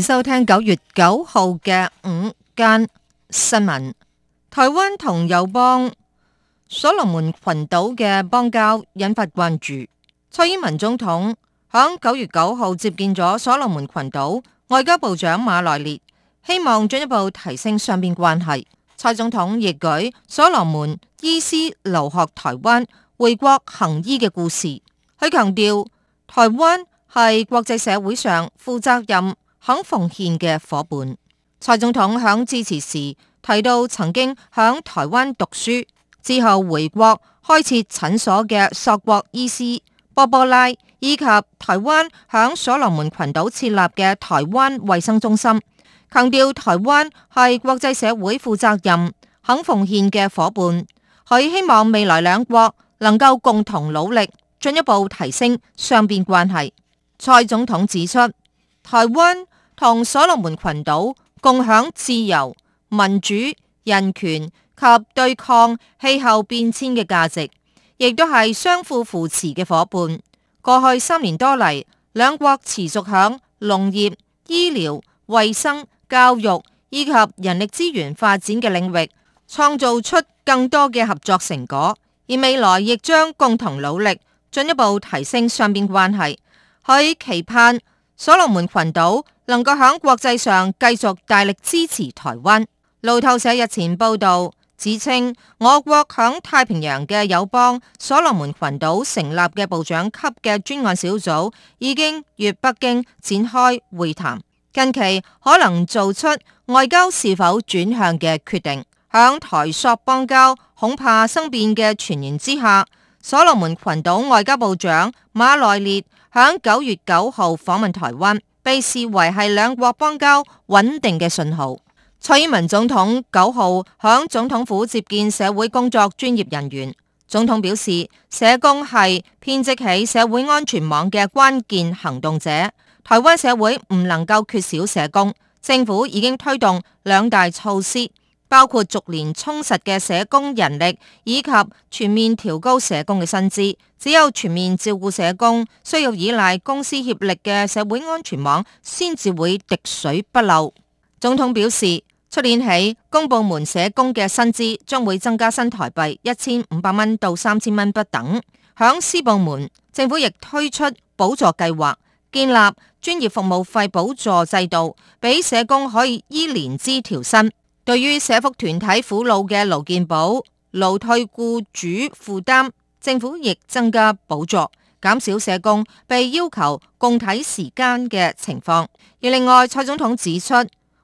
收聽九月九號嘅午間新聞。台灣同友邦所羅門群島嘅邦交引發關注。蔡英文總統響九月九號接見咗所羅門群島外交部長馬來列，希望進一步提升雙邊關係。蔡總統亦舉所羅門醫師留學台灣回國行醫嘅故事，佢強調台灣係國際社會上負責任。肯奉獻嘅伙伴，蔡總統響致辭時提到，曾經響台灣讀書之後回國開設診所嘅索國醫師波波拉，以及台灣響所羅門群島設立嘅台灣衛生中心，強調台灣係國際社會負責任、肯奉獻嘅伙伴。佢希望未來兩國能夠共同努力，進一步提升雙邊關係。蔡總統指出，台灣，同所羅門群島共享自由、民主、人權及對抗氣候變遷嘅價值，亦都係相互扶持嘅夥伴。過去三年多嚟，兩國持續響農業、醫療、衛生、教育以及人力資源發展嘅領域，創造出更多嘅合作成果。而未來亦將共同努力，進一步提升雙邊關係。佢期盼。所羅門群島能夠喺國際上繼續大力支持台灣。路透社日前報道，指稱我國喺太平洋嘅友邦所羅門群島成立嘅部長級嘅專案小組，已經與北京展開會談，近期可能做出外交是否轉向嘅決定。喺台索邦交恐怕生變嘅傳言之下，所羅門群島外交部長馬內列，響九月九號訪問台灣，被視為係兩國邦交穩定嘅信號。蔡英文總統九號響總統府接見社會工作專業人員，總統表示，社工係編織起社會安全網嘅關鍵行動者，台灣社會唔能夠缺少社工。政府已經推動兩大措施。包括逐年充實嘅社工人力，以及全面調高社工嘅薪資。只有全面照顧社工，需要依賴公私協力嘅社會安全網，先至會滴水不漏。總統表示，出年起，公部門社工嘅薪資將會增加，新台幣一千五百蚊到三千蚊不等。響私部門，政府亦推出補助計劃，建立專業服務費補助制度，俾社工可以依年資調薪。對於社福團體苦惱嘅勞健保、勞退僱主負擔，政府亦增加補助，減少社工被要求共體時艱嘅情況。而另外，蔡總統指出，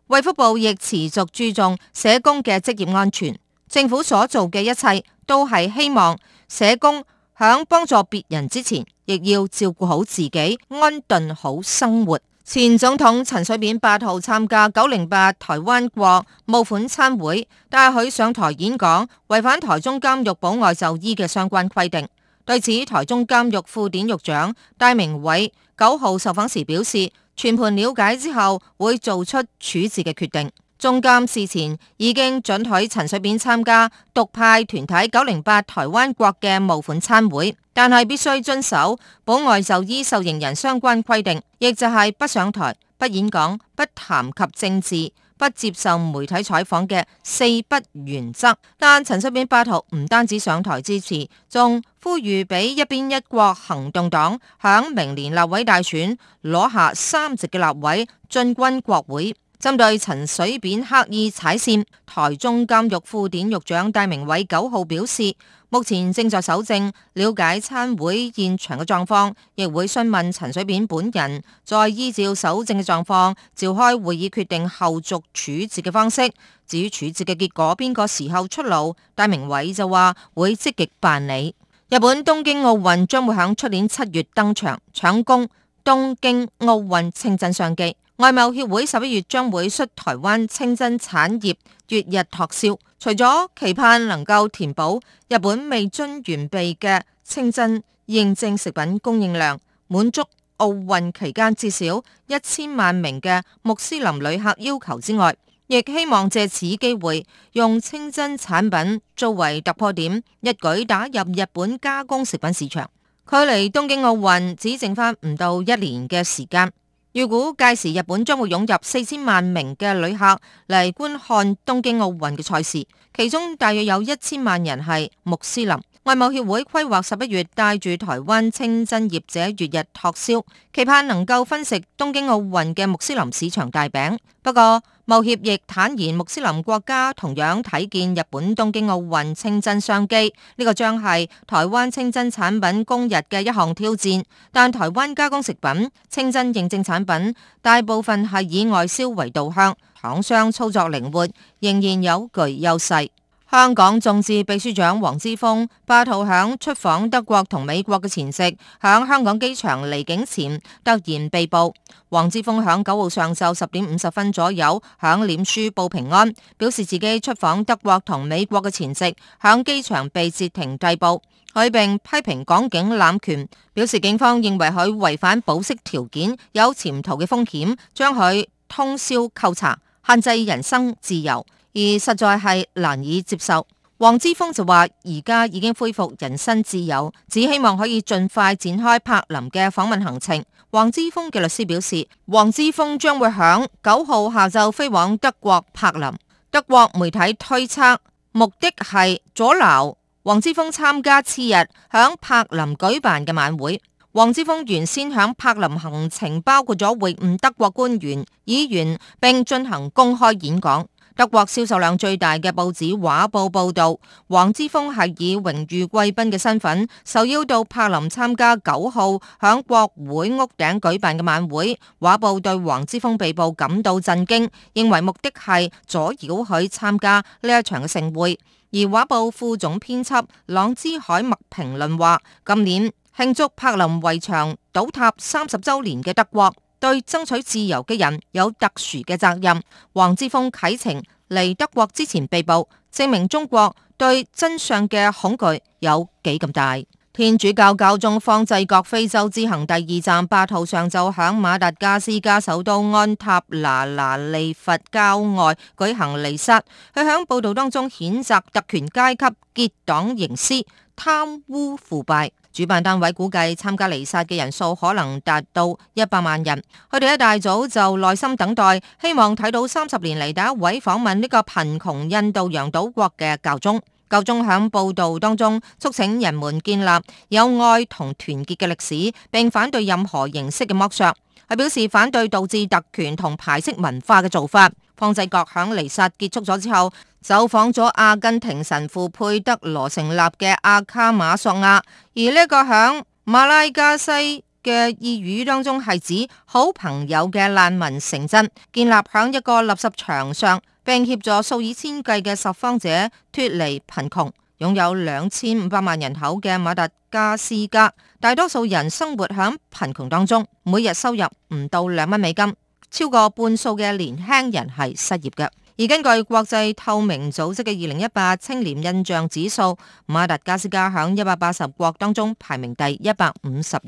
衛福部亦持續注重社工嘅職業安全。政府所做嘅一切都係希望社工響幫助別人之前，亦要照顧好自己，安頓好生活。前總統陳水扁八號參加九零八台灣國募款餐會，帶佢上台演講，違反台中監獄保外就醫嘅相關規定。對此，台中監獄副典獄長戴明偉九號受訪時表示，全盤了解之後會做出處置嘅決定。中監事前已經准許陳水扁參加獨派團體九零八台灣國嘅募款餐會，但係必須遵守保外就醫受刑人，人相關規定，亦就係不上台、不演講、不談及政治、不接受媒體採訪嘅四不原則。但陳水扁巴圖唔單止上台支持，仲呼籲俾一邊一國行動黨響明年立委大選攞下三席嘅立委進軍國會。針對陳水扁刻意踩線，台中監獄副典獄長戴明偉九號表示，目前正在搜證，了解餐會現場嘅狀況，亦會詢問陳水扁本人，再依照搜證嘅狀況召開會議，決定後續處置嘅方式。至於處置嘅結果邊個時候出爐，戴明偉就話會積極辦理。日本東京奧運將會響出年七月登場，搶攻東京奧運清真商機。外貿協會十一月將會率台灣清真產業赴日拓銷，除咗期盼能夠填補日本未臻完備嘅清真認證食品供應量，滿足奧運期間至少一千萬名嘅穆斯林旅客要求之外，亦希望藉此機會用清真產品作為突破點，一舉打入日本加工食品市場。距離東京奧運只剩返唔到一年嘅時間。預估屆時日本將會湧入四千萬名嘅旅客嚟觀看東京奧運嘅賽事，其中大約有一千萬人係穆斯林。外貿協會規劃十一月帶住台灣清真業者赴日拓銷，期盼能夠分食東京奧運嘅穆斯林市場大餅。不過，茂協亦坦言，穆斯林國家同樣睇見日本東京奧運清真商機，呢、這個將係台灣清真產品供日嘅一項挑戰。但台灣加工食品清真認證產品大部分係以外銷為導向，廠商操作靈活，仍然有具優勢。香港眾志秘書長黃之峰，八號響出訪德國同美國嘅前夕，響香港機場離境前突然被捕。黃之峰響九號上晝十點五十分左右，響臉書報平安，表示自己出訪德國同美國嘅前夕，響機場被截停逮捕。佢並批評港警濫權，表示警方認為佢違反保釋條件，有潛逃嘅風險，將佢通宵扣查，限制人生自由。而實在係難以接受。黃之鋒就話：而家已經恢復人身自由，只希望可以盡快展開柏林嘅訪問行程。黃之鋒嘅律師表示，黃之鋒將會響九號下晝飛往德國柏林。德國媒體推測，目的係阻撓黃之鋒參加次日響柏林舉辦嘅晚會。黃之鋒原先響柏林行程包括咗會晤德國官員、議員並進行公開演講。德國銷售量最大嘅報紙畫報報道，黃之鋒係以榮譽貴賓嘅身份受邀到柏林參加九號響國會屋頂舉辦嘅晚會。畫報對黃之鋒被捕感到震驚，認為目的係阻擾佢參加呢一場嘅盛會。而畫報副總編輯朗之海默評論話：今年慶祝柏林圍牆倒塌三十周年嘅德國，對爭取自由嘅人有特殊嘅責任。黃之鋒啟程嚟德國之前被捕，證明中國對真相嘅恐懼有幾咁大。天主教教宗方濟各非洲之行第二站，八號上晝響馬達加斯加首都安塔那那利佛郊外舉行彌撒。佢響報道當中譴責特權階級結黨營私、貪污腐敗。主辦單位估計參加彌撒嘅人數可能達到一百萬人，佢哋一大早就耐心等待，希望睇到三十年嚟第一位訪問呢個貧窮印度洋島國嘅教宗。教宗喺報道當中促請人們建立有愛同團結嘅歷史，並反對任何形式嘅剝削，係表示反對導致特權同排斥文化嘅做法。方濟各喺彌撒結束咗之後。走訪咗阿根廷神父佩德羅成立嘅阿卡馬索亞，而呢個響馬拉加西嘅意語當中係指好朋友嘅難民城鎮，建立響一個垃圾場上，並協助數以千計嘅拾荒者脫離貧窮。擁有兩千五百萬人口嘅馬達加斯加，大多數人生活響貧窮當中，每日收入唔到兩蚊美金，超過半數嘅年輕人係失業嘅。而根據國際透明組織嘅二零一八清廉印象指數，馬達加斯加響一百八十國當中排名第一百五十二。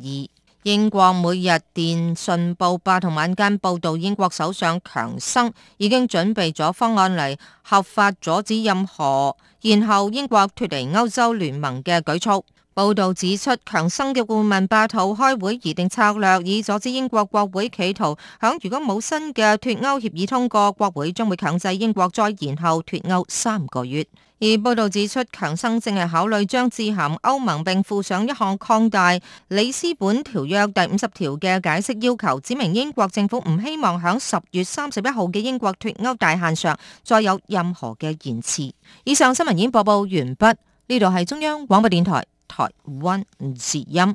英國每日電訊報八號晚間報道，英國首相強生已經準備咗方案嚟合法阻止任何然後英國脫離歐洲聯盟嘅舉措。報道指出，強生嘅顧問霸圖開會，擬定策略，以阻止英國國會企圖響。如果冇新嘅脫歐協議通過，國會將會強制英國再延後脱歐三個月。而報道指出，強生正係考慮將致函歐盟，並附上一項擴大里斯本條約第五十條嘅解釋要求，指明英國政府唔希望響十月三十一號嘅英國脱歐大限上再有任何嘅延遲。以上新聞已經播報完畢，呢度係中央廣播電台。台灣字音。